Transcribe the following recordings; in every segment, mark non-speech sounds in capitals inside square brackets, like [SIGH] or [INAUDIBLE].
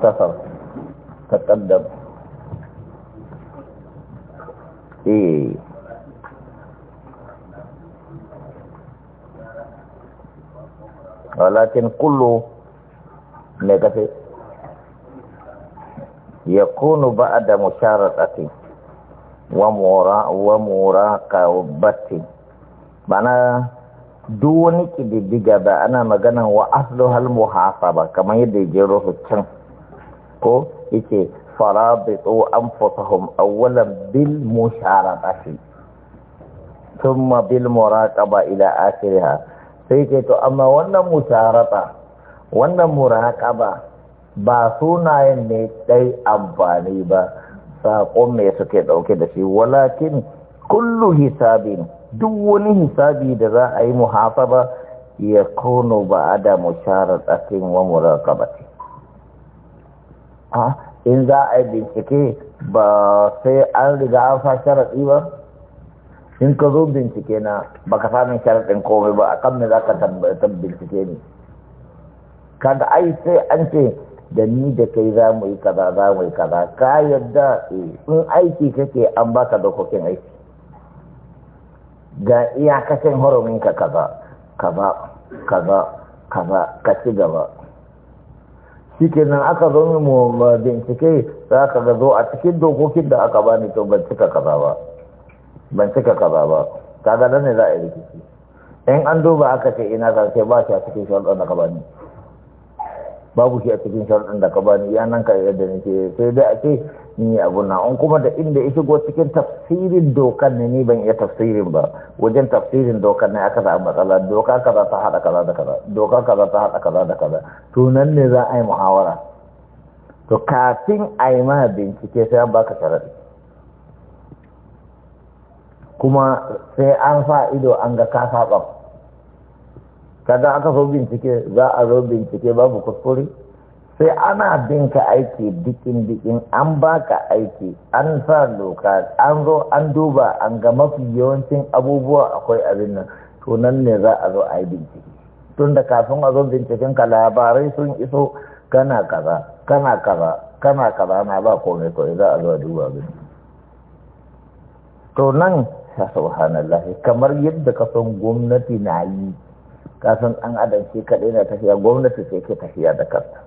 tasar taƙaddam eh walakin kullu ne kafe ya kunu ba a da musharaɗatin wa mura kawabbatin mana duk wani ƙididdiga ba ana magana wa aslu hal ba kamar yadda ya jero can ko yace farabitu anfusahum awwalan bil musharaqati thumma bil ba ila akhiriha sai ke to amma wannan musharata wannan muraqaba ba sunayen ne dai amfani ba saƙon me suke ɗauke da shi walakin kullu hisabin duk wani hisabi da za a yi muhasaba ya kono ba a da musharatatin wa ce in za a yi bincike ba sai an riga an sa sharaɗi ba in ka zo bincike na ba ka samun sharaɗin komai ba a kan me za ka tabbatar bincike ne Kada ai sai an ce da ni da kai za mu yi kaza za mu yi kaza ka yadda eh, in aiki kake an baka dokokin aiki ga iyakacin ka kaza kaza kaza kaza ka ci gaba shi kenan aka zo min mu bincike za ka ga zo a cikin dokokin da aka bani to ban cika kaza ba ban cika kaza ba kaga nan ne za a yi rikici in an duba aka ce ina zan ce ba shi a cikin shawarar da ka bani babu shi a cikin sharuɗin da ka bani ya nan ka yadda ne ke sai dai ake ni abu na an kuma da inda ya shigo cikin tafsirin dokar ne ni ban iya tafsirin ba wajen tafsirin dokar ne aka samu matsala doka kaza ta haɗa kaza da kaza doka kaza ta haɗa kaza da kaza to nan ne za a yi muhawara to kafin a yi ma bincike sai an baka sharaɗi kuma sai an sa ido an ga ka saɓa kada aka so bincike za a zo bincike babu kuskure sai ana binka aiki dikin dikin an baka aiki an sa doka an zo an duba an ga mafi yawancin abubuwa akwai abin nan to nan ne za a zo a yi bincike tun da kafin a zo binciken ka labarai sun iso kana kaza kana kaza kana kaza na ba komai kawai za a zo a duba abin to nan [LAUGHS] subhanallah kamar yadda ka san gwamnati na yi kasan an adance kaɗai na tafiya gwamnati ce ke tafiya da kanta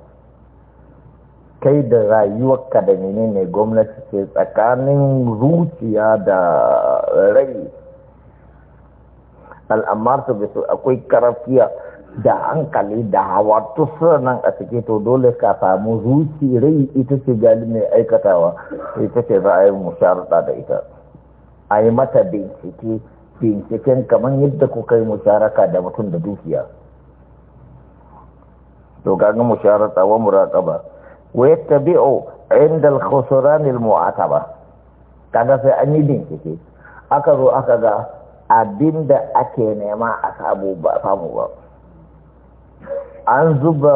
kai da rayuwarka da menene gwamnati ce tsakanin zuciya da rai al'amarsu bisu akwai karafiya da hankali da hawa nan a cike to dole ka samu zuci rai ita ce gali mai aikatawa ita ce za a yi musharuɗa da ita a yi mata bincike binciken kamar yadda kuka yi musharaka da mutum da dukiya to kaga musharata wa muraqaba wa yattabi'u 'inda al-khusran al-mu'ataba kaga sai an yi bincike aka zo aka ga abinda ake nema a samu ba samu ba an zuba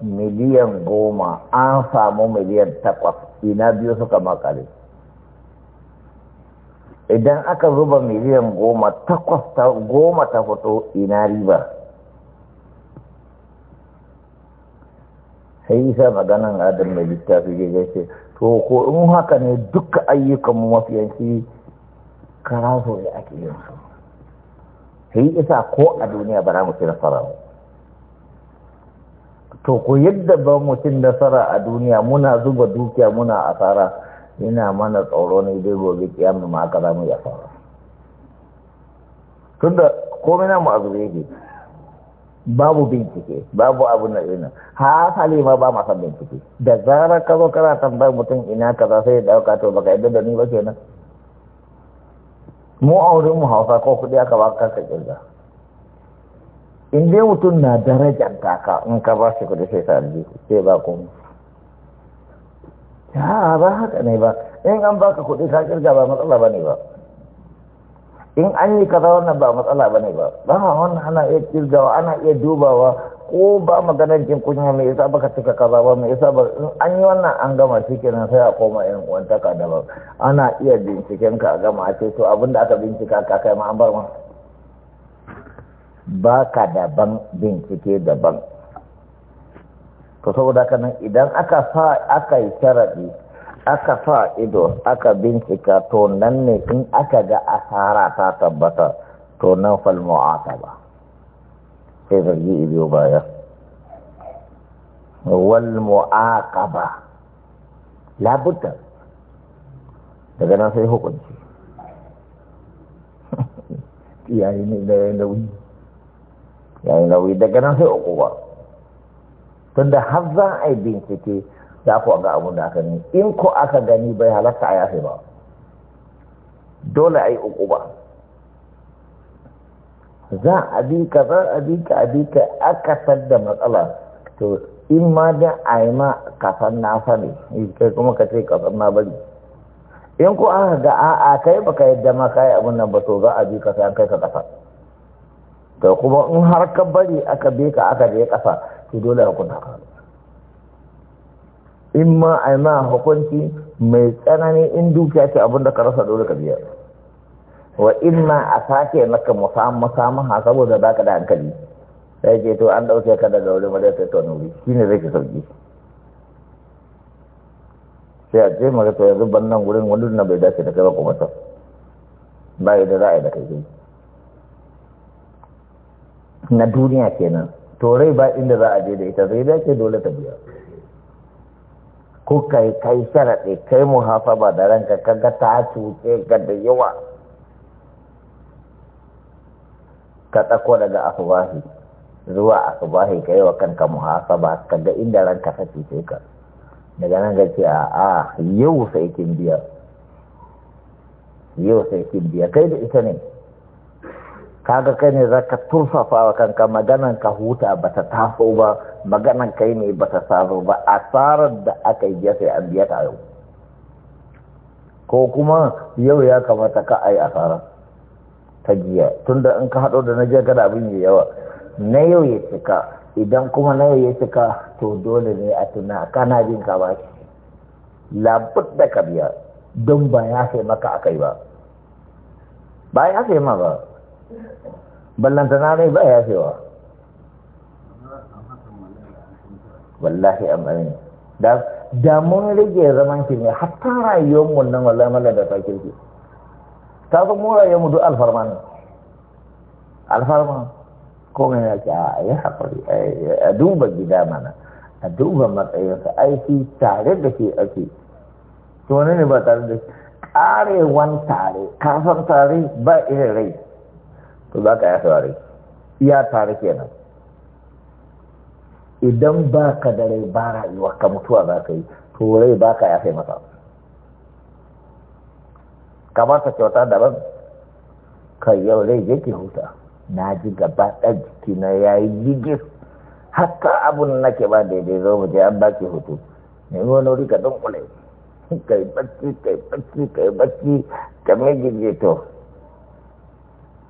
miliyan goma an samu miliyan takwas ina biyu suka makale idan aka zuba miliyan goma takwas ta goma ta fito ina riba sai isa maganan adam mai littafi ya ce to ko in haka ne duka ayyukanmu mafiyanci so da ake yin su sai isa ko a duniya ba za mu ci nasara ba to ko yadda ba mu ci nasara a duniya muna zuba dukiya muna asara ina mana tsoro ne dai gobe kiyama ma aka zamu ya fara tunda komai na mu a zube babu bincike babu abu na ina ha hali ma ba masa bincike da zarar ka zo kana tambayar mutum ina za sai ya dauka to baka yadda da ni ba kenan mu aure mu hausa ko kudi aka ba ka kirga in dai mutum na darajar taka in ka ba shi kudi sai sa aljihu sai ba komai a'a ba haka ne ba in an baka kuɗi ka kirga ba matsala ba ne ba in an yi kaza wannan ba matsala ba ne ba ba wannan ana iya kirgawa ana iya dubawa ko ba maganar jin kunya mai yasa baka cika kaza ba mai yasa ba in an yi wannan an gama kenan sai a koma irin wantaka daban ana iya binciken ka a gama ce to da aka bincika ka kai ma an bar ma ba ka daban bincike daban to saboda haka nan idan aka sa aka yi sharaɗi aka sa ido aka bincika to nan ne in aka ga asara ta tabbata to nan falmu'ata ba sai zargi ido baya wal mu'aqaba labudda daga nan sai hukunci [LAUGHS] yayi ne da nauyi yayi nauyi daga nan sai hukunci tunda har za a yi bincike za ku ga abin da aka ne in ko aka gani bai halatta a yafe ba dole a yi uku ba za a bi ka za a bi ka a bi ka aka da matsala to in ma da a yi ma kafan na sani kai kuma ka ce kafan na bari in ko aka ga a'a kai baka yadda ma kai abin nan ba to za a bi ka sai an kai ka kafa kai kuma in har ka bari aka bi ka aka je kasa to dole hukunta ka in ma a yi ma hukunci mai tsanani in dukiya ce abin da ka rasa dole ka biya wa in ma a sake maka ha saboda baka da hankali sai ke to an dauke ka daga wuri ma zai ta ka wuri ne zai ki sauki sai a ce maka to yanzu ban nan wurin wani na bai dace da kai ba kuma ta bai da za a yi da kai na duniya kenan to rai ba inda za a je da ita zai da ke dole ta biya ko kai kai sharaɗe kai ba da ranka kaga ta cuce ga da yawa ka tsako daga asubahi zuwa asubahi kai wa kanka mu muhasaba kaga inda ranka ta cuce ka daga nan gace a a yau sai kin biya yau sai kin biya kai da ita ne Ka ga kai ne za ka turfafa wa kanka maganan ka huta ba ta taso ba maganan kai ne ba ta saso ba asarar da aka yi sai an biya ta yau ko kuma yau ya kamata ka ai asara ta jiya tunda in ka haɗo da na jiya kada abin yi yawa na yau ya cika idan kuma na yau ya cika to dole ne a tuna kana jin ka ba shi da ka biya don ba ya sai maka akai ba ba ya sai ma ba ballanta na ne ba ya cewa wallahi amarin da da mun rage zaman ki ne hatta rayuwar mu nan wallahi mallan da ta kirki ta ga mu rayuwar mu duk alfarma ne alfarma ko ne ya ce a yi haƙuri a duba gida mana a duba matsayinsa aiki tare da ke ake to ne ba tare da shi karewan tare kasan tare ba irin rai to za ka yafe iya tare kenan idan ba ka da rai ba rayuwa ka mutuwa za ka yi to rai ba ka yafe masa ta kyauta daban kai yau rai je ki huta na ji gaba ɗan jiki na ya yi jigis hatta abun nake ba daidai zo mu je an baki hutu ne wani wuri ka dunkule kai bacci kai bacci kai bacci kamar gije to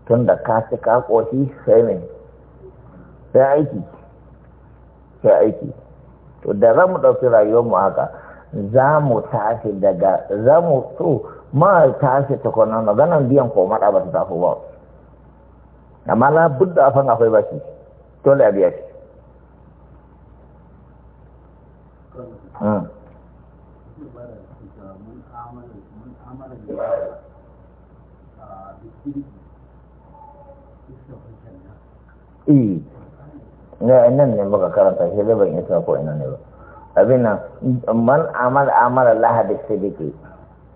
tun da ka ci ka sai mai sai aiki sai aiki to da za mu ɗauki rayuwarmu haka za mu tashi daga za mu so ma tashi ta kwanan na ganin biyan ko maɗa ba ta tafi ba amma na budda a fan akwai shi dole a biya shi Thank hmm. you. eh na nan ne muka karanta shi da ban isa ko ina ne ba abin nan man amal amal Allah da ke.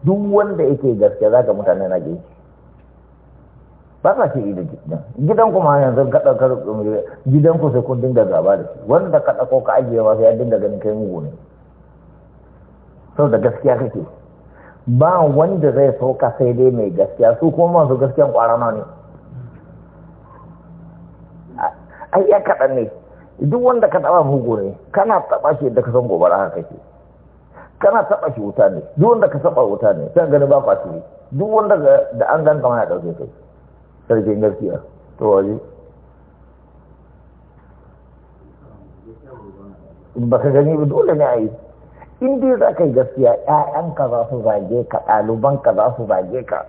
duk wanda yake gaske zaka mutane na ji ba ka shi da gidan gidan kuma yanzu ka dauka gidan ku sai kun dinga gaba da shi wanda ka dauko ka ajiye ba sai ya dinga ganin kai mugu ne Sau da gaskiya kake ba wanda zai so ka sai dai mai gaskiya su kuma masu gaskiyan kwarama ne ai ya kaɗan ne duk wanda ka taɓa mugu ne kana taɓa shi da ka san gobara haka kake kana taɓa shi wuta ne duk wanda ka saba wuta ne kan gani ba shi duk wanda da an ganta ma ya ɗauke kai sarkin gaskiya to waje baka gani ba dole ne ai in dai za ka yi gaskiya ka za su zage ka ka za su zage ka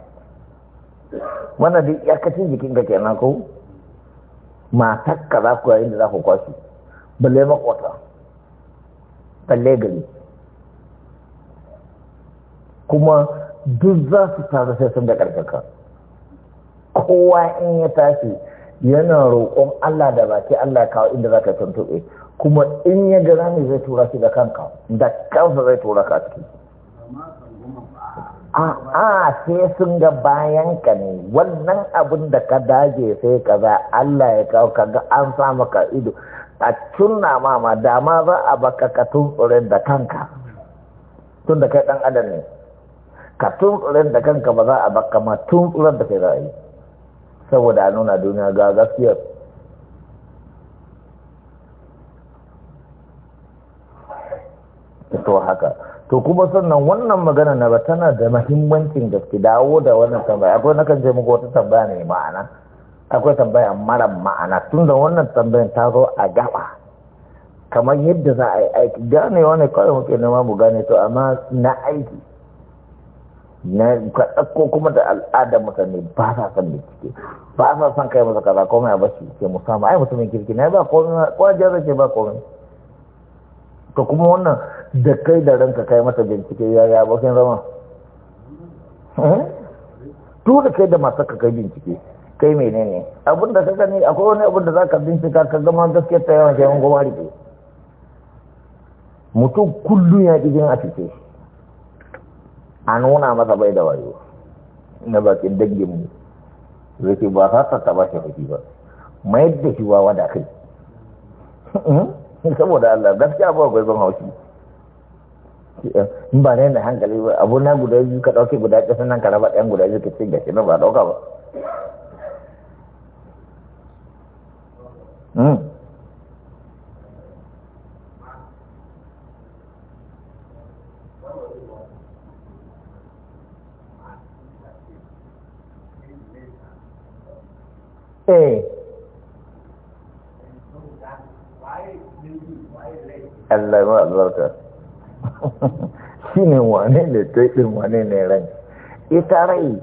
wannan kacin jikin ka kenan ko matakka za ku yayin da za ku kwashe balle makwata balle gari kuma duk za su taru sai sun da karkaka kowa in ya tashi yana roƙon Allah da baki Allah kawo inda za ka tuntuɓe kuma in ya gara mai zai tura shi da kanka da kansa zai tura ka ciki a'a sai sun ga bayan ka ne wannan abin da ka dage sai ka za Allah ya kawo ga an sa maka ido a tunna mama dama za a baka ka tuntsurin da kanka tun da kai dan adam ne ka tuntsurin da kanka ba za a baka ma tuntsurin da kai za a yi saboda nuna duniya ga gaskiyar to haka to kuma sannan wannan magana na ba tana da mahimmancin gaske dawo da wannan tambaya akwai na kan je muku wata tambaya ne ma'ana akwai tambaya mara ma'ana tun da wannan tambayan ta zo a gaba kamar yadda za a yi aiki gane wani kawai muke nema mu gane to amma na aiki na ko kuma da al'adar mutane ba sa da ciki. ba sa san kai masa kaza komai a bashi ke musamman ai mutumin kirki na ba komai ko jazar ke ba komai to kuma wannan da kai da ranka kai mata bincike ya yi abokin zama eh? da kai da masu ka kai bincike kai menene abin da ka gani akwai wani abin da za ka bincika ka gama gaske ta yawan shayin goma rike mutum kullum ya ƙijin a fice a nuna masa bai da wayo na bakin mu. zai ce ba sa ta ba shi haki ba mayar da shi wa da kai [LAUGHS] saboda Allah gaskiya ba akwai zan haushi Ya, mba nenda lah, hankali abu nak guda yi ka dauke guda ka sanan ka raba ɗan guda yi ka ce gashi na ba dauka ba Allah ya albarka. shi ne wane ne ta ɗin wane ne rai ita rai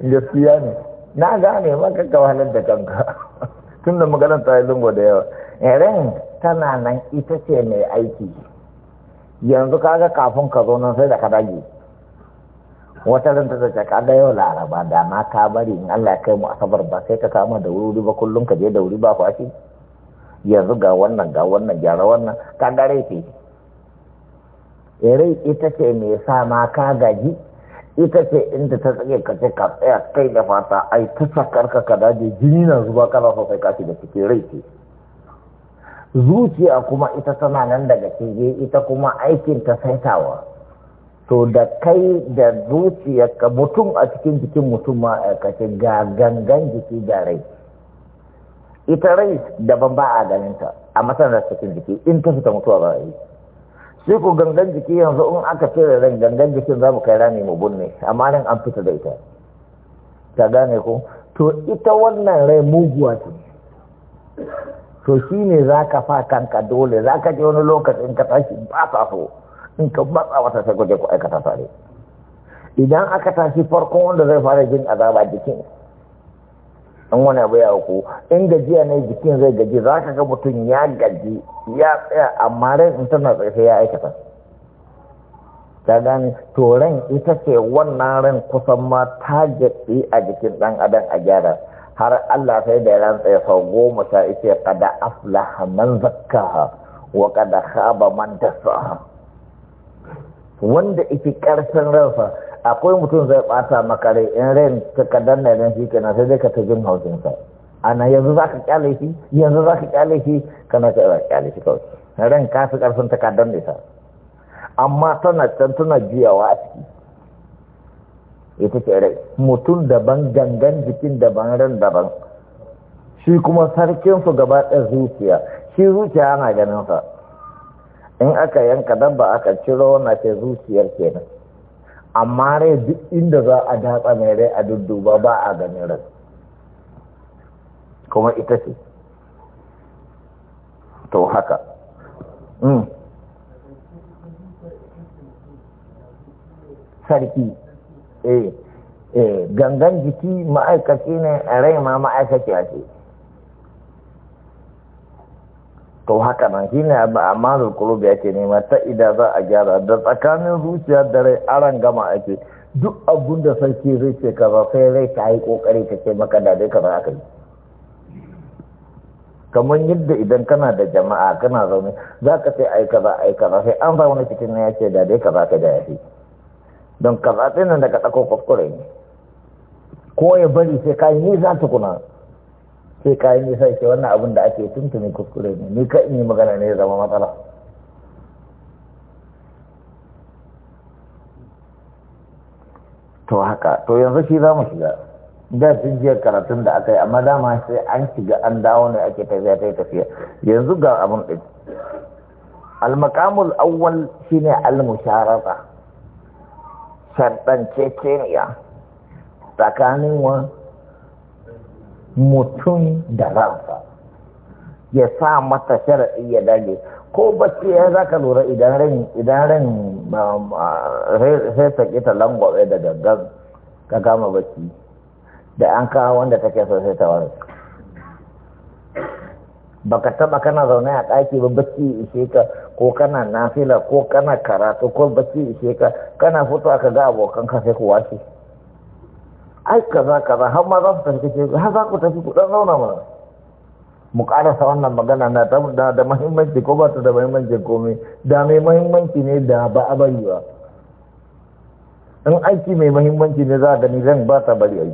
gaskiya ne na gane maka kawalar da kanka [LAUGHS] tun da maganar ta yi lungo da yawa eh, ran tana nan ita ce mai aiki yanzu kaga kafin ka zo nan sai da ka dage wata ran ta zace ka ga yau laraba da ma ka bari in Allah ya kai mu asabar ba sai ka kama da wuri ba kullum ka je da wuri ba kwashi yanzu ga wannan ga wannan gyara wannan ka ga rai Eh, rai ita ce mai sa ma ka gaji ita ce inda ta tsage ka ce ka tsaya kai da fata ai ta sakar ka ka daji jini na zuba kana so sai ka da cikin rai ce zuciya kuma ita tana nan daga cije ita kuma aikin ta saitawa to da kai da ka mutum a cikin jikin mutum ma aikace eh, ga gangan jiki da rai ita rai daban ba a ganinta a matsalar cikin jiki in ta fita mutuwa ba a yi sai ko gangan jiki yanzu in aka cire ran gangan jikin za mu kai rami mu bunne amma nan an fita da ita ta gane ko to ita wannan rai muguwa ce to shi ne za ka fa kanka dole za ka je wani lokacin ka tashi ba ta so in ka matsa wata sai ku aikata tare idan aka tashi farkon wanda zai fara jin azaba jikin In wani abu ya ku in gajiya ne jikin zai gaji za ka ga mutum ya gaji ya tsaya amma rai in tana tsaye ya aikata ta gani to ran ita ce wannan ran kusan ma ta jaɗi a jikin ɗan adam a gyara har Allah sai da ran tsaye sau goma sha ita kada aflaha man zakkaha wa kada khaba man dasaha wanda ita ƙarfin ransa akwai mutum zai bata maka rai in rai ta kadan na ran shi na sai dai ka ta jin hausin sa ana yanzu zaka kyale shi yanzu zaka kyale shi kana ka kyale shi kawai ran ka fi karfin ta kadan da sa amma tana can tana juyawa a ciki ita ce rai mutum daban gangan jikin daban ran daban shi kuma sarkin su gaba da zuciya shi zuciya ana ganin sa in aka yanka ba aka ciro wannan ke zuciyar kenan amma rai duk inda za a datsa mai rai a dudduba ba a ganin rai kuma ita ce to haka hmm. sarki eh, eh gangan jiki ma'aikaci ne rai ma ma'aikaci ce to haka nan shi ne a amalul kulubi ake nema ta ida za a gyara da tsakanin zuciya da rai aran gama ake duk abun da sarki zai ce ka ba sai rai ta yi kokari ta ce maka da dai za ka yi kamar yadda idan kana da jama'a kana zaune za ka sai ai kaza aika kaza sai an zaune cikin na ya ce da dai kaza ka da ya fi don kaza ɗin nan daga ɗako kuskure ne ko ya bari sai ka yi nisa tukuna sai kayan nisa ke wannan abin da ake tuntuni kuskure ne ni kan yi magana ne zama matsala to haka to yanzu shi za mu shiga da sun karatun da aka yi amma dama sai an shiga an dawo ne ake tafiya ta tafiya yanzu ga abin ɗin almakamul awwal shine almusharata sharɗanceceniya tsakanin wa mutum da ransa ya sa mata sharaɗi ya dage ko bacci ya za ka lura idan ran idan ran um, uh, sai ta kita langwabe da gangan ka gama bacci da an kawo wanda take so sai ta wani ba ka taɓa kana zaune a ɗaki ba bacci ishe ka ko kana nafila ko kana karatu ko bacci ishe ka kana fito ka ga abokan ka sai ku ai kaza kaza har ma za su tafi kace har za ku tafi ku dan zauna ma. mu sa wannan magana na ta da, da muhimmanci ko ba ta da muhimmanci komai da mai muhimmanci ne da ba a bari ba in aiki mai muhimmanci ne za a gani zan ba ta bari ai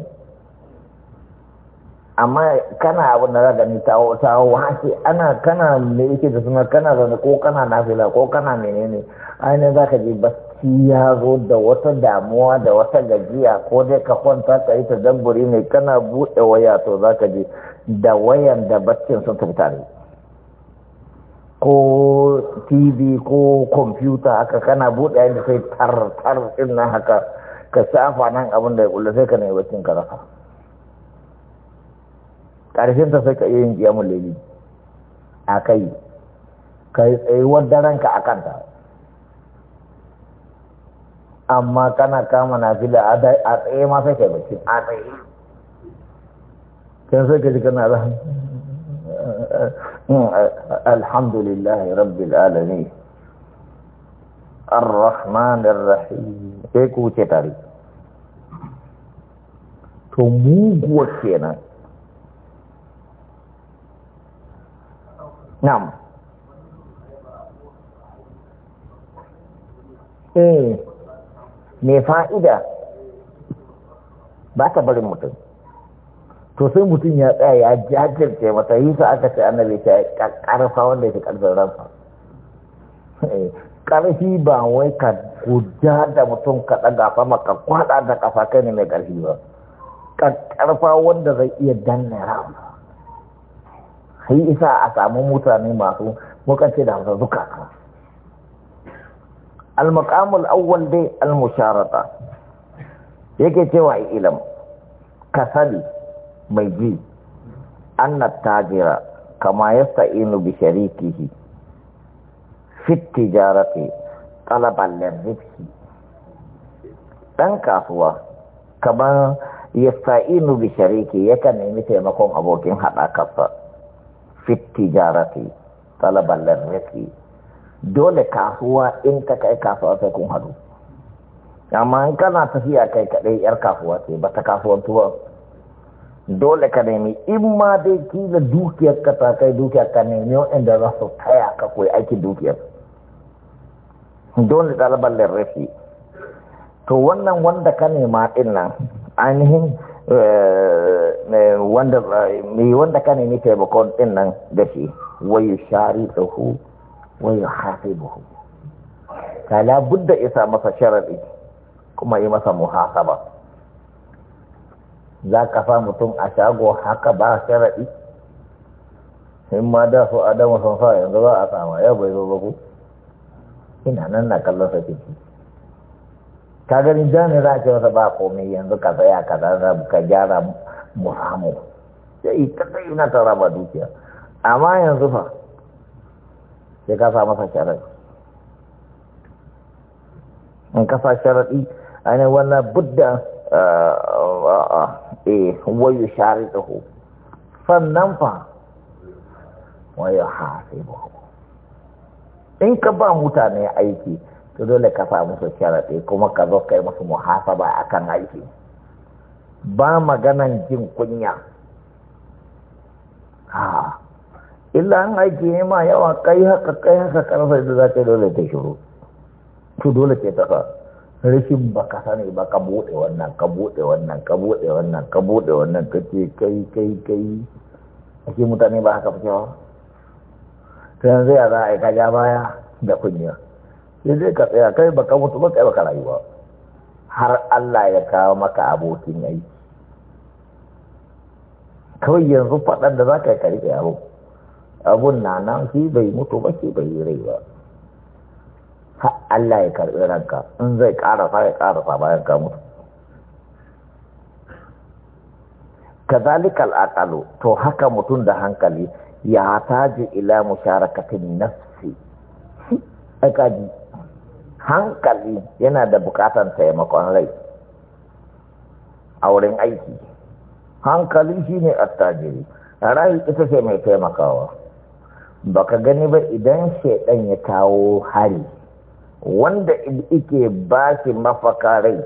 amma kana abin da za gani tawo wace ana kana me yake da suna kana zaune ko kana nafila ko kana menene ainihin za ka je bas shi ya zo da wata damuwa da wata gajiya ko dai ka kwanta ka yi ta dabburi ne kana buɗe waya to za ka je da wayan da baccin sun tafi tare ko tv ko kwamfuta haka kana buɗe yadda sai tartar ɗin na haka ka sa amfanin abin da ya kula, sai ka nemi baccin ka rasa ƙarshen ta sai ka iya yin ƙiyamun leli a kai ka yi tsayuwar daren ka a kanta amma kana kama na fila a tsaye ma sai ka bacci a tsaye kan sai ka ji kana alhamdulillah rabbil alamin ar-rahman ar-rahim sai ku ce tare to muguwa kenan nam. eh mai fa'ida ba ta barin mutum to sai mutum ya tsaya ya jajirce mata yi sa aka ce annabi ta karfa wanda yake karfin ransa karfi eh, ba wai ka guda da mutum ka ɗaga fama ka kwada da kafa kai ne mai karfi ba ka karfa wanda zai iya danna ransa sai isa a samu mutane masu mukance da da hamsa zukata al-maqamul awwal dai al-musharata yake cewa ilam kasali mai ji anna tajira kama yasta'inu bi sharikihi fi tijarati talaban lirrizqi dan kasuwa kamar yasta'inu bi shariki yakan nemi taimakon abokin haɗakarsa fi tijarati talaban lirrizqi dole kasuwa in ka kai kasuwa sai kun hadu amma in kana tafiya kai kaɗai yar kasuwa ce ba ta ba. dole ka nemi in ma dai kila dukiyar ka ta kai dukiyar ka nemi inda za su taya ka koyi aikin dukiyar dole ɗaliban larrafi to wannan wanda ka nema ɗin nan ainihin eh, eh, wanda eh, mai ka nemi taimakon ɗin nan da shi wayu shari tsohu. wa yuhasibuhu ka la budda isa masa sharadi kuma yi masa muhasaba za ka fa mutum a shago haka ba sharadi in ma da su adamu sun sa yanzu za a sama yau bai zo ba ku ina nan na kallon sa ciki ka gani jami'a za a ce masa ba komai yanzu ka tsaya ka zara ka gyara mu samu sai ta tsaye na tara ba dukiya amma yanzu fa sai ka sa masa sharaɗi in ka sa sharaɗi ainihin wannan budda eh, wayu share ɗaho sannan fa wayo hafi in ka ba mutane aiki to dole ka sa musu sharaɗi kuma ka zo kai musu a kan aiki ba maganan jin kunya ah, illa an aiki ne ma yawa kai haka kai haka karfa da za ka dole ta shiru to dole ke tafa rashin ba ka sani ba ka bude wannan ka bude wannan ka bude wannan ka bude wannan ka ce kai kai kai ake mutane ba haka fitewa ta yanzu ya za a yi kaja baya da kunya sai zai ka tsaya kai ba ka mutu ba kai ba ka rayuwa har Allah ya kawo maka abokin aiki kawai yanzu faɗan da za ka yi ka riƙe abun na nan shi bai mutu ba shi bai rai ba ha Allah ya karbi ranka in zai ƙarasa ya ƙarasa bayan ka mutu kazalikal aqalu to haka mutum da hankali ya taji ila musharakatin nafsi akaji hankali yana da bukatan taimakon rai a wurin aiki hankali shine attajiri rai ita ce mai taimakawa baka gani ba idan shaidan ya kawo hari wanda ike ba shi mafaka rai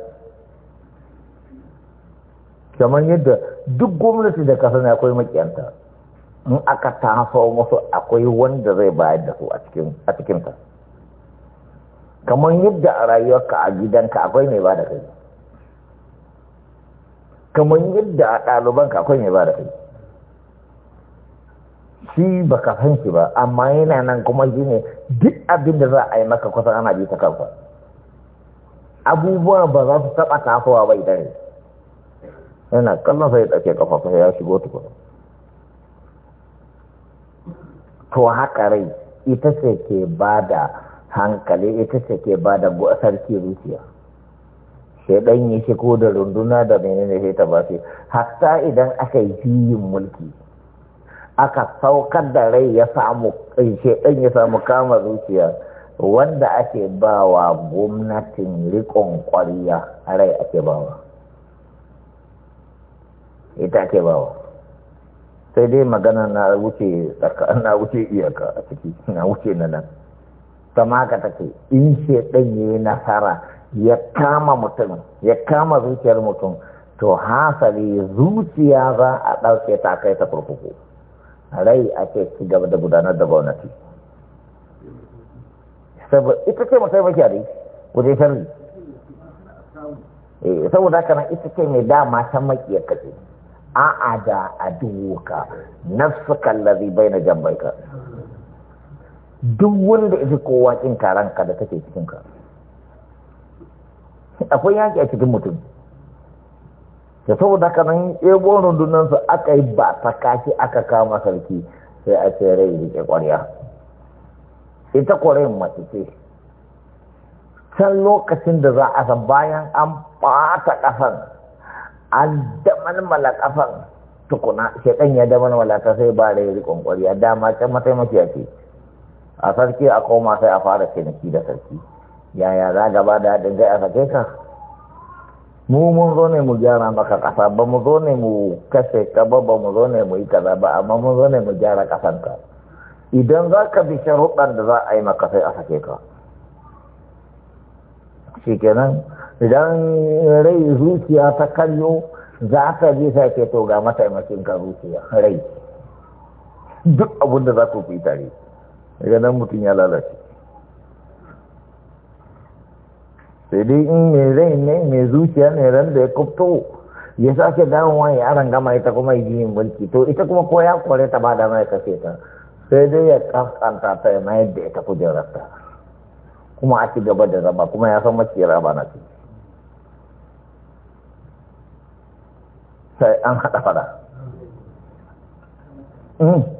kamar yadda duk gwamnati da kasa na akwai makiyanta in aka taso musu akwai wanda zai bayar da su a cikinta kamar yadda a rayuwarka a gidanka akwai mai ba da kai kamar yadda a ɗalibanka akwai mai ba da kai shi baka san shi ba amma yana nan kuma shi ne duk abin da za a yi maka kusan ana bi ta kansa abubuwa ba za su taɓa tasowa ba idan yana kallon sai ɗauke ƙafafa ya shigo tukuna to haka rai ita ce ke ba da hankali ita ce ke ba da sarki zuciya shaidan shi ko da runduna da menene sai ta ba hatta idan aka yi mulki aka saukar da rai ya samu ɗin ya samu kama zuciya wanda ake bawa gwamnatin rikon a rai ake bawa ita ake bawa sai dai magana na wuce na wuce iyaka a ciki na wuce na nan sama ka take in shaidan ya yi nasara ya kama mutum ya kama zuciyar mutum to hasali zuciya za a ɗauke ta kai ta kurkuku rai ake ci gaba da gudanar da gwamnati saboda ita ce masai mafiya dai wajen sharri eh, saboda haka nan ita ce mai dama ta makiyar kace a'a da kallari bai na jambai ka duk wanda ita kowa kin karanka da take cikinka akwai yaki a cikin mutum da saboda haka nan ebo rundunansu aka yi ba ta kashi aka kama sarki sai a ce rai rike ƙwarya ita ƙwarya mace ce can lokacin da za a san bayan an ɓata ƙasan an damalmala ƙasan tukuna shekan ya damalmala ta sai ba rai rikon ƙwarya dama can mataimakiya ce a sarki a koma sai a fara ciniki da sarki yaya za gaba da haɗin gai a sake ka mu mun zo ne mu gyara maka ƙasa ba mu zo ne mu kashe ka ba ba mu zo ne mu yi kaza ba amma mun zo ne mu gyara ka idan za ka bi sharuɗan da za a yi maka sai a sake ka shi kenan idan rai zuciya ta kallo za ka bi sai to ga mataimakin ka zuciya rai duk abin da za ku fi tare daga nan mutum ya lalace sai dai in mai rai ne mai zuciya ne ran da ya kubto ya sake dawowa ya aran gama ita kuma yi yin mulki to ita kuma ko ya kore ta ba da mai kashe ta sai dai ya kaskanta ta ya mayar da ita kujerarta kuma a ci gaba da raba kuma ya san mace raba na ciki sai an haɗa fada hmm.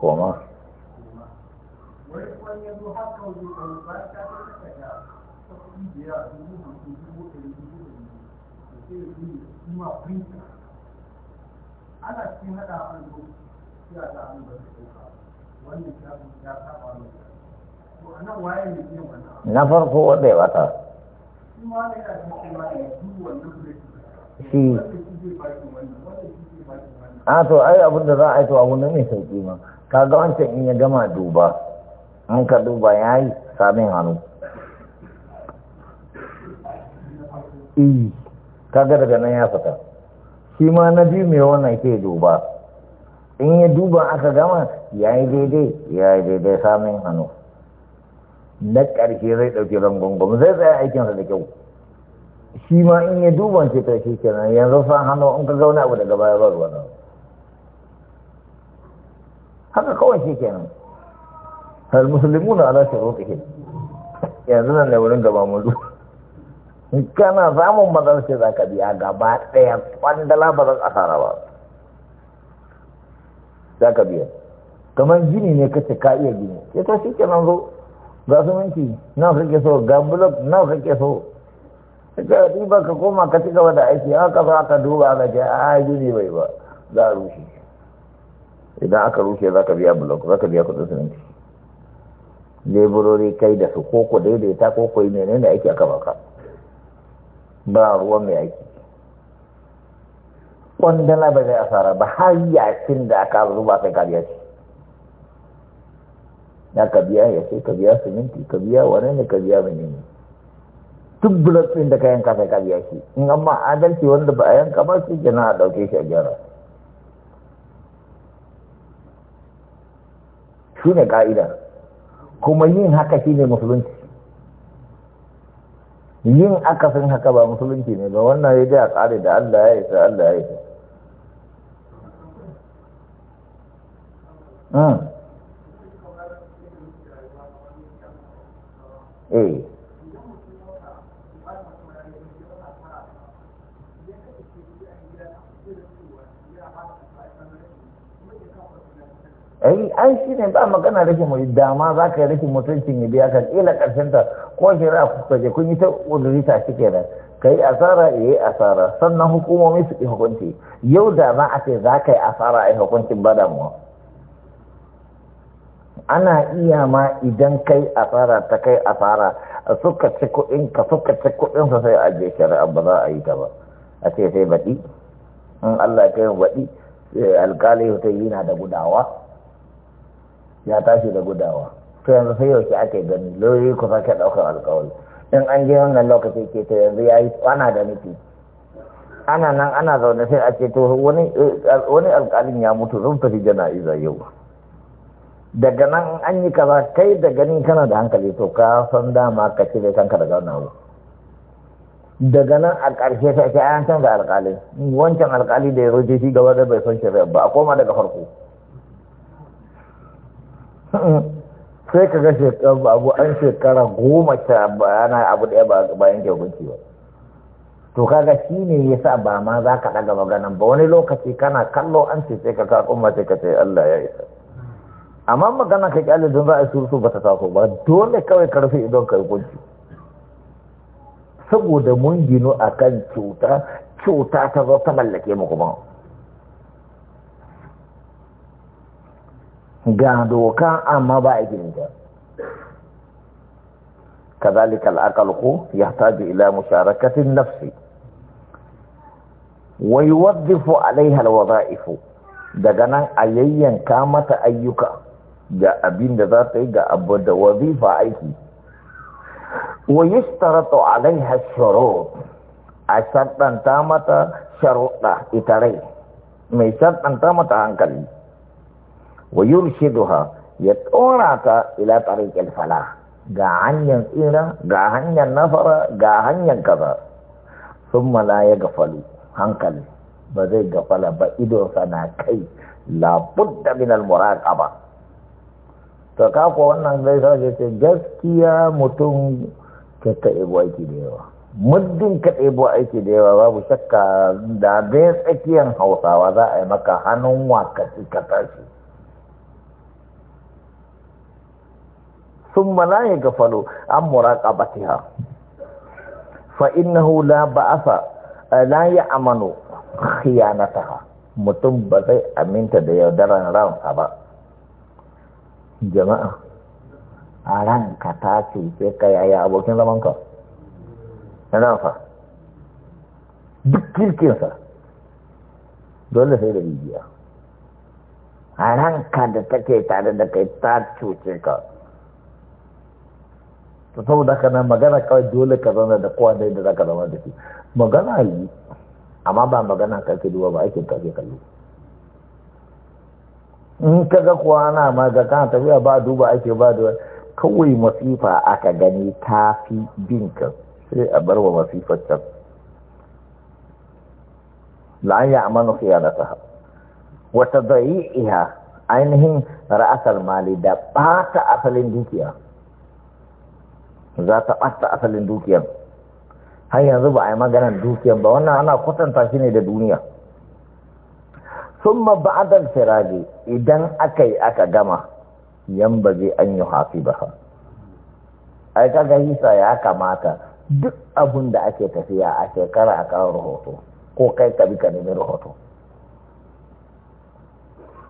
koma ana cikin ya ne na farko wanda ya bata shi ne da a to ai abin da za a yi to abu ne mai sauƙi ma ga wancan in ya gama duba in ka duba ya yi samin hannu eh. ka ga daga nan ya fita shi ma na biyu mai wannan ke duba in ya duba aka gama ya yi daidai ya yi daidai samun hannu na ƙarshe zai ɗauki rangwangwam zai tsaye aikinsa da kyau shi ma in ya duba ce ta shi kenan yanzu san hannu in ka zauna abu daga baya ba ruwa haka kawai shi kenan al muslimuna ala shurutihim yanzu nan da wurin gaba mu kana samun mazan sai zaka biya gaba daya kwandala ba zan asara ba zaka biya kamar gini ne kace ka iya gini sai to shi kenan zo ga su minti nawa kake so ga bulok nawa kake so ka riba ka koma ka ci gaba da aiki haka za ka duba ka ce a gini bai ba za a rushe idan aka rushe za ka biya blok za ka biya kudin siminti leburori kai da su koko daidaita koko yi menene da aiki aka baka ba ruwan mai aiki kwandala ba zai asara ba har yakin da aka zuba sai ka biya ce na ka biya ya ce ka biya siminti ka biya wane ne ka biya mai ne duk blok ɗin da ka yanka sai ka biya shi in amma adalci wanda ba a yanka ba shi jana a ɗauke shi a gyara shi ne ƙa'ida kuma yin haka shi ne musulunci yin akasin haka ba musulunci ne ba wannan ya ji a tsari da allah ya isa allah ya isa hmm. eh. Eh, ai ai shi ne ba magana rashin mai dama za ka yi rashin mutuncin ya biya ka kila ƙarshen ta ko shi ra ku je kun yi ta udurita shi kenan ka yi asara ya asara sannan hukumomi su yi hukunci yau da ma a ce za ka yi asara a yi hukuncin ba damuwa ana iya ma idan kai asara ta kai asara suka ci kuɗin ka suka ci kuɗin sa sai a je shari'a ba za a yi ta ba a ce sai baɗi in Allah ya kai baɗi eh, alƙali ta yi na da gudawa ya tashi da gudawa to yanzu sai yau ake gani lauyoyi ku sake daukar alkawari in an je wannan lokaci ke ta yanzu ya yi ana da nufi ana nan ana zaune sai a ce to wani alkalin ya mutu zan tafi jana'iza yau daga nan an yi kaza kai da gani kana da hankali to ka san dama ka cire kanka da gauna abu daga nan a ƙarshe sai an canza alkalin wancan alƙali da ya zo shi gaba da bai son shari'a ba a koma daga farko sai ka ga shekara abu an shekara goma ta bayana abu ɗaya ba bayan hukunci ba to kaga shi ne ya sa ba ma za ka ɗaga maganan ba wani lokaci kana kallo an ce sai ka ka kuma sai ka ce Allah ya isa amma magana ka kyale don za a surutu ba ta taso ba dole kawai karfi idan ka hukunci saboda mun gino kan cuta cuta ta zo ta mallake mu kuma ga doka amma ba a girinta كذلك العقل يحتاج إلى مشاركة النفس ويوظف عليها الوظائف دغنا أيين كامت أيك جاء أبين ذاتي جاء أبود وظيفة أيك ويشترط عليها الشروط أشرطا تامت شروطا إتري ما شرطا تامت عنكلي wa yurshiduha ya tsora ta ila tariqil falah ga hanyar tsira ga hanyar nafara ga hanyar kaza summa la ya gafalu hankali ba zai gafala ba ido sana kai labudda min ba to ka wannan zai sa ce gaskiya mutum ka ta ebo aiki da yawa muddin ka ebo aiki da yawa babu shakka da bai tsakiyar hausawa za a yi maka hannun wakasi ka tashi gafalo ثم لا يغفل Fa'inahu مراقبتها ba'asa, لا بأس لا يأمن خيانتها mutum ba zai aminta da yaudaran ransa ba jama'a a ranka ta ce sai ka yaya abokin zamanka na ransa duk kirkinsa dole sai da rijiya a ranka da take tare da kai ta cuce ka ta saboda da magana kawai dole ka zauna da kowa da yadda za ka zama da shi magana yi amma ba magana karfe duba ba aikin karfe kallo in ka ga kuwa ana ma ga tafiya ba duba ake ba da kawai masifa aka gani ta fi bin ka sai a bar wa masifar can la'an ya amanu khiyanataha wata iya ainihin ra'asar mali da ɓata asalin dukiya za ta ɓata asalin dukiyar har yanzu ba a yi maganar dukiyar ba wannan ana kwatanta shi ne da duniya sun ba'adar firage idan aka yi aka gama yan ba zai an yi hafi ba ai kaga hisa ya kamata duk abun da ake tafiya a shekara a kawo rahoto ko kai ka bi ka nemi rahoto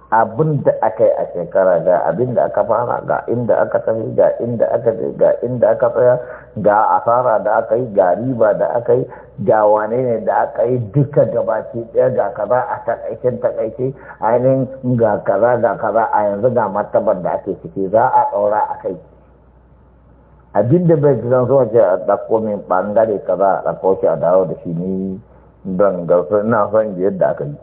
abin da aka yi a shekara ga abin da aka fara ga inda aka tafi ga inda aka je ga inda aka tsaya ga asara da aka yi ga riba da aka yi ga wane ne da aka yi duka gabaki ɗaya ga kaza a takaicin takaice ainihin ga kaza ga kaza a yanzu ga martabar da ake ciki za a ɗaura a kai abin da bai zan so ce a ɗauko min ɓangare kaza a ɗauko shi a dawo da shi ni don ga na son yadda aka yi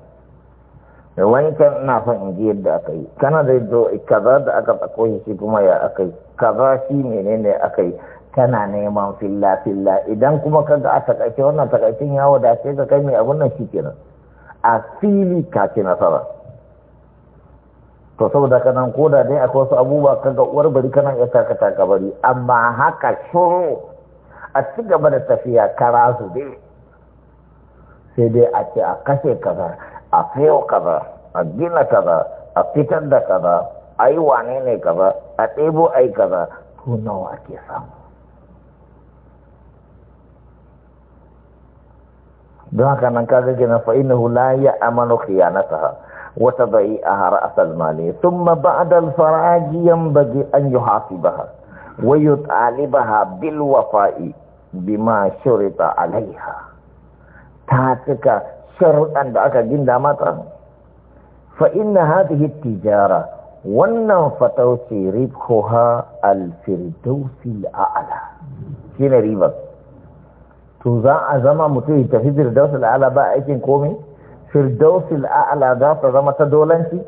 wani kan ina son in ji yadda aka yi kana da kaza da aka tsako shi kuma ya aka yi kaza shi menene aka yi kana neman filla filla idan kuma ka ga a takaice wannan takaicin ya wadace ka kai mai abun nan kenan? a fili ka ci nasara to saboda ka nan koda dai akwai wasu abubuwa ka ga uwar bari kana iya takata ka bari amma haka shuru a ci gaba da tafiya kara su dai sai dai a ce a kashe kaza a sayo kaza a gina kaza a fitar da kaza a yi wane ne kaza a ɗebo a yi kaza to nawa ake samu don haka nan kaga gina fa'inahu hula ya amanu khiyanataha wa tadai'aha a mali thumma ba'da al faragiyan bagi an yuhasibaha wa yut'alibaha bil wafa'i ma shurita alaiha ta cika sharuɗan da aka ginda mata fa inna hadhihi tijara wannan fatauci ribhuha al-firdausi al-a'la shine riba to za a zama mutum ya tafi firdausi al-a'la ba aikin komai firdausi al za ta zama ta dolanci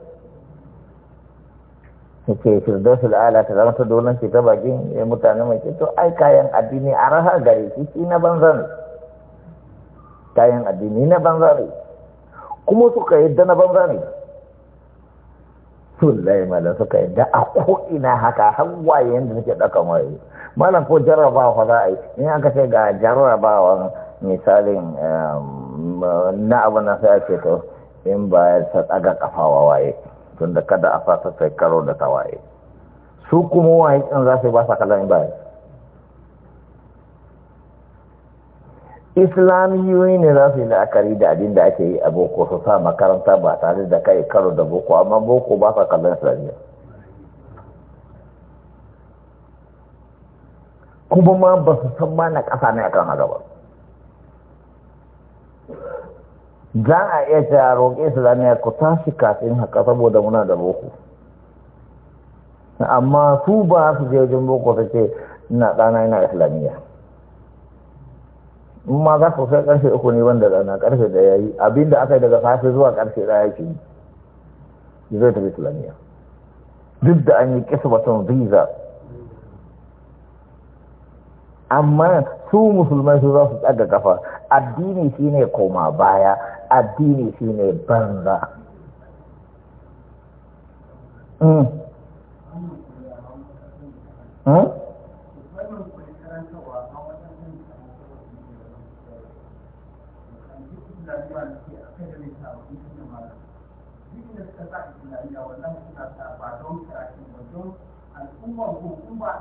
ke firdausi al-a'la ta zama ta dolanci ta bakin mutane mai to ai kayan addini a raha gare shi shi na banzan kayan addini na banza ne kuma suka yadda na banza ne sullai malam suka yadda a ko'ina haka hawaye da suke ɗakan waye malam ko jarrabawa za a yi in aka ce ga jarrabawa misalin um, na abu na sai ake to in ba ta tsaga kafawa waye tunda kada a fasa sai karo da tawaye su kuma waye in za su ba sa kallon bayan islamiyoyi ne za su yi la'akari da abin da ake yi a boko su sa makaranta ba tare da kai karo da boko amma boko ba sa kallon islamiyya kuma ma ba su san ma na ƙasa ne akan haka ba za a iya a roƙe islamiyya ku tashi kafin haka saboda muna da boko amma su ba su je wajen boko su ce ina ɗana ina islamiyya in ma za ku sai karfe uku ne wanda rana karfe da ya yi abinda aka yi daga safe zuwa karfe da ya zai tafi islamiyya duk da an yi batun visa amma su musulmai su za su tsaga kafa addini shine koma baya addini shine banza Hmm? Huh? Hmm?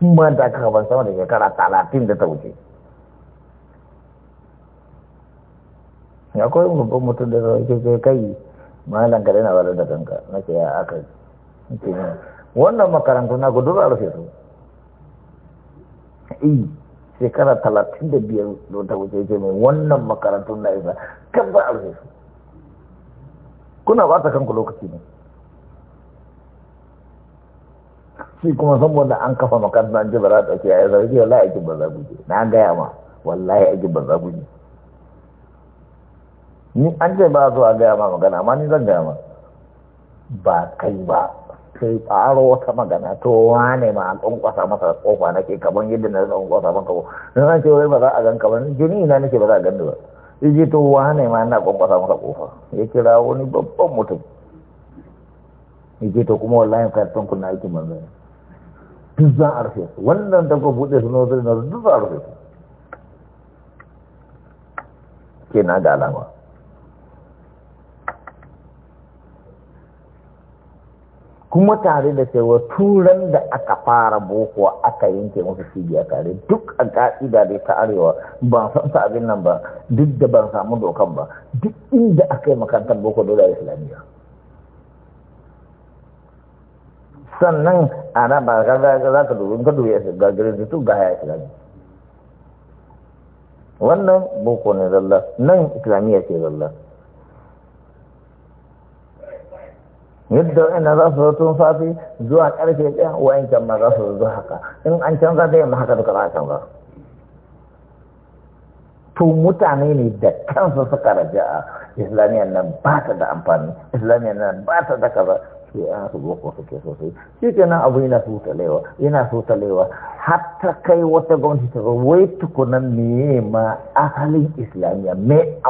tun ma da aka ban sama da shekara talatin da ta wuce akwai babban mutum da zai ke ce kai malam ka na walar da kanka na ke ya aka yi wannan makarantu na ku dura rufe su iya eh, shekara talatin da biyar da ta wuce ce mai wannan makarantu na isa kan ba a rufe su kuna ba ta kanku lokaci ne shi kuma saboda an kafa makaranta an ji ba za ta ce ya zargi wallahi aikin ba za ku je na gaya ma wallahi ake ba za ku je ni an ce ba zuwa gaya ma magana amma ni zan gaya ma ba kai ba sai tsaro wata magana to wane ma an tsunkwasa masa kofa nake kamar yadda na zan kwankwasa maka ko na ce wai ba za a gan kamar jini na nake ba za a gan ba yaje to wane ma na tsunkwasa masa kofa ya kira wani babban mutum yaje to kuma wallahi ka tun na aikin manzo duk za wannan da ku buɗe su na wasu na duk ke na ga alama kuma tare da cewa turan da aka fara boko aka yanke musu cibiya tare duk a ka'ida da ta arewa ban san sa abin nan ba duk da ban samu dokan ba duk inda aka yi makarantar boko dole a islamiyya sannan ana ba ka za ka dubi ka dubi ga gare su ga ya islami wannan boko ne zalla nan islamiyya ce zalla yadda wa'ina za su tun zuwa karfe ɗaya wa'incan ma za su zo haka in an canza da yamma haka duka ba a canza to mutane ne da kansu suka raja a islamiyyar nan ba ta da amfani islamiyyar nan ba ta da kaza sai an su boko suke sosai shi ke nan abu yana sutalewa yana sutalewa har ta kai wata gwamnati ta zo wai tukunan me ma asalin islamiyya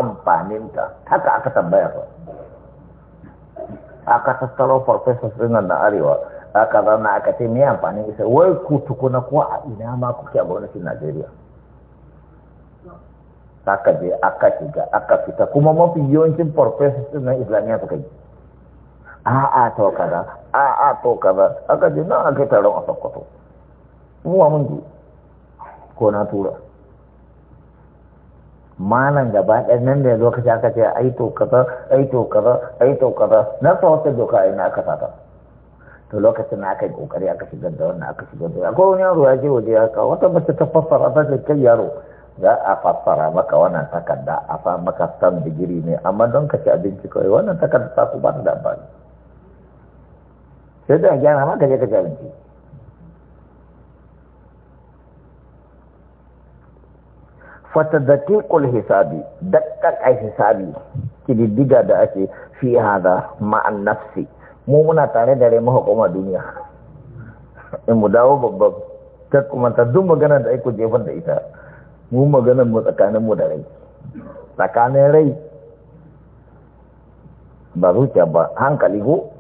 amfanin ta haka aka tambaya fa aka tattaro farfesa sunan na arewa aka zana aka ce me amfanin isa wai ku tukuna ko a ina ma kuke a gwamnatin najeriya aka je aka shiga aka fita kuma mafi yawancin farfesa na islamiyya suka yi a'a to kaza a'a to kaza aka je nan aka taron a sokoto muwa mun je ko na tura malam gaba ɗan nan da lokaci aka ce ai to kaza ai to kaza ai to kaza na sa wata doka ai na aka sata to lokacin na aka yi kokari aka shigar da wannan aka shigar da ko wani yaro ya je waje ya kawo wata mace ta fassara ta ce kai yaro za a fassara maka wannan takarda a fa maka san digiri ne amma don ka ci abinci kawai wannan takarda ta ku ba ta da amfani sai da gyara maka je ka ci abinci fatadaqiqul hisabi dakkan ai hisabi kididdiga da ake fi hada ma'an nafsi mu muna tare da rai mahukuma duniya in mu dawo babban ta kuma ta duk magana da aiko jefar da ita mu maganar mu tsakanin mu da rai tsakanin rai ba zuciya ba hankali ko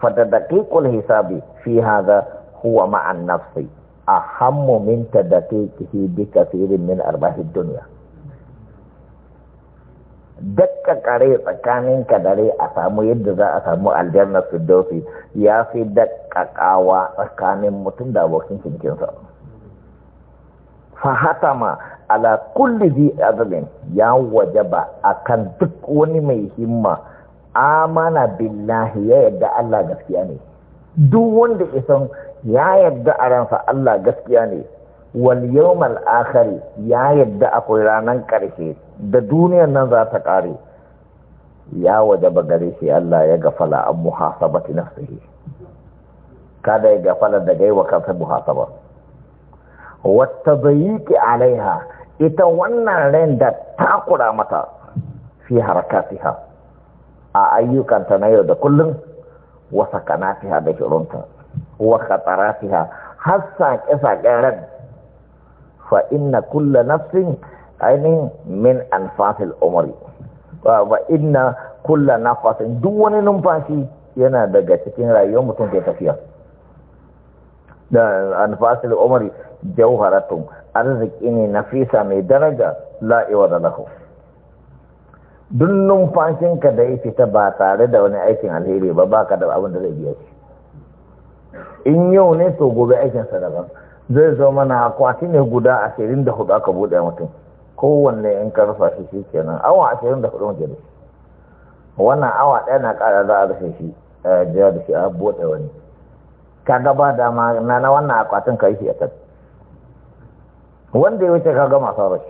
fadadaqiqul hisabi fi hadha huwa ma'an nafsi ahammu min kihi bi kathirin min arbahid dunya dakka kare tsakanin ka a samu yadda za a samu aljannar dosi ya fi dakka kawa tsakanin mutum da abokin cinkinsa. fahatama ala kulli zi azalin ya wajaba akan duk wani mai himma amana billahi ya yadda Allah gaskiya ne duk wanda isan ya yadda a ransa Allah gaskiya ne wal yawmal akhir ya yadda akwai ranar karshe da duniyar nan za ta kare ya wajaba gare shi Allah ya gafala an muhasabati nafsihi kada ya gafala daga yi wa kansa muhasaba wata bayiki alaiha ita wannan ran da takura mata fi harakatiha a ayyukanta na yau da kullum wa sakanatiha da shirunta wa khataratiha har saƙe-saƙen ran fa inna kulla nafsin ainihin min anfasil umari inna kulla nafasin duk wani numfashi yana daga cikin rayuwar mutum ke tafiya anfasil umari jauharatun arziki ne nafisa mai daraja la'iwa da lahu fashin numfashinka da ya fita ba tare da wani aikin alheri ba baka da abin da zai biya shi in yau ne to gobe aikin daban zai zo mana kwati ne guda ashirin da hudu aka buɗe mutum kowanne in ka rufa shi shi kenan awa ashirin da hudu mutum wannan awa ɗaya na ƙara za a rufe shi a eh, jiya da shi a buɗe wani kaga ba dama na na wannan akwatin ka yi shi wanda ya wuce kaga masu rai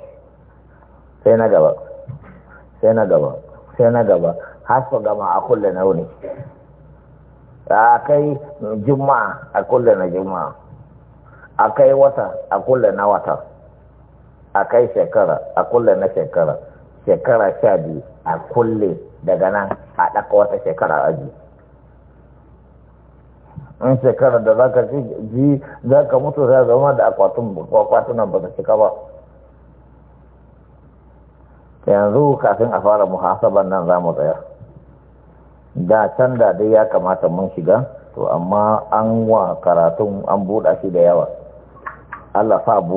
sai na gaba sai na gaba sai na gaba haska gama a kulle na wuni a kai juma'a a kulle na juma'a a kai wata a kulle na wata a kai shekara a kulle na shekara shekara sha biyu a kulle daga nan a ɗaka wata shekara aji in shekara da za ka ji za ka mutu sai zama da akwatunan ba ka cika ba yanzu kafin a fara muhasaban nan za mu tsaya da can da dai ya kamata mun shiga to amma an wa karatun an buɗa shi da yawa Allah sa